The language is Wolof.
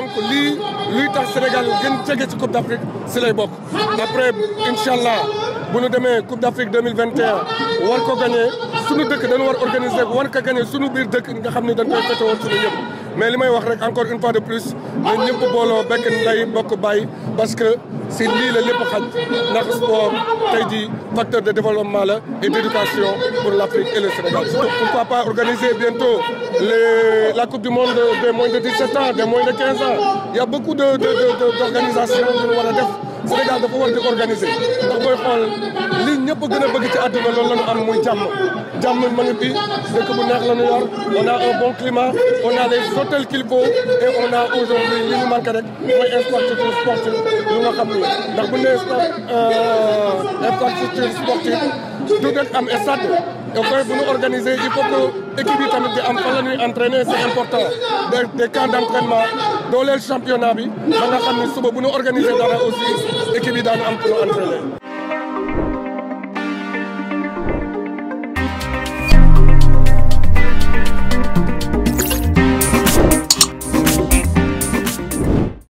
donc lii luy tax Sénégal gën jege ci Coupe d'Afrique si lay bokk après incha allah bu ñu demee Coupe d'Afrique 2021 war ko gagné sunu dëkk dañu war organiser war ko gagné sunu biir dëkk nga xam ne dañ koy fete woon mais je may wax encore une fois de plus nous sommes booloo bekk nday bokk parce que c'est l'île qui l'époque, sport le le facteur de développement et d'éducation pour l'Afrique et le Sénégal pourquoi pas organiser bientôt la coupe du monde des moins de 17 ans des moins de 15 ans il y a beaucoup de d'organisations nous Sénégal dafa war di organiser ndax booy xool li ñëpp gën a bëgg ci àdduna loolu la ñu am muy jàmm jàmm ma ngi fi dëkk bu neex la ñu yor on a un bon climat on a les hôtels qu'il faut et on a aujourd'hui li ñu manqué rek mooy infrastructure sportive lu nga xam ni ndax bu nee sport euh, infrastructure sportive du rek am stade donc bu ñu organiser il faut que équipe yi tamit di am fa la ñuy entraîner c'est important des des camps d'entraînement le championnat bi on organiser aussi équipe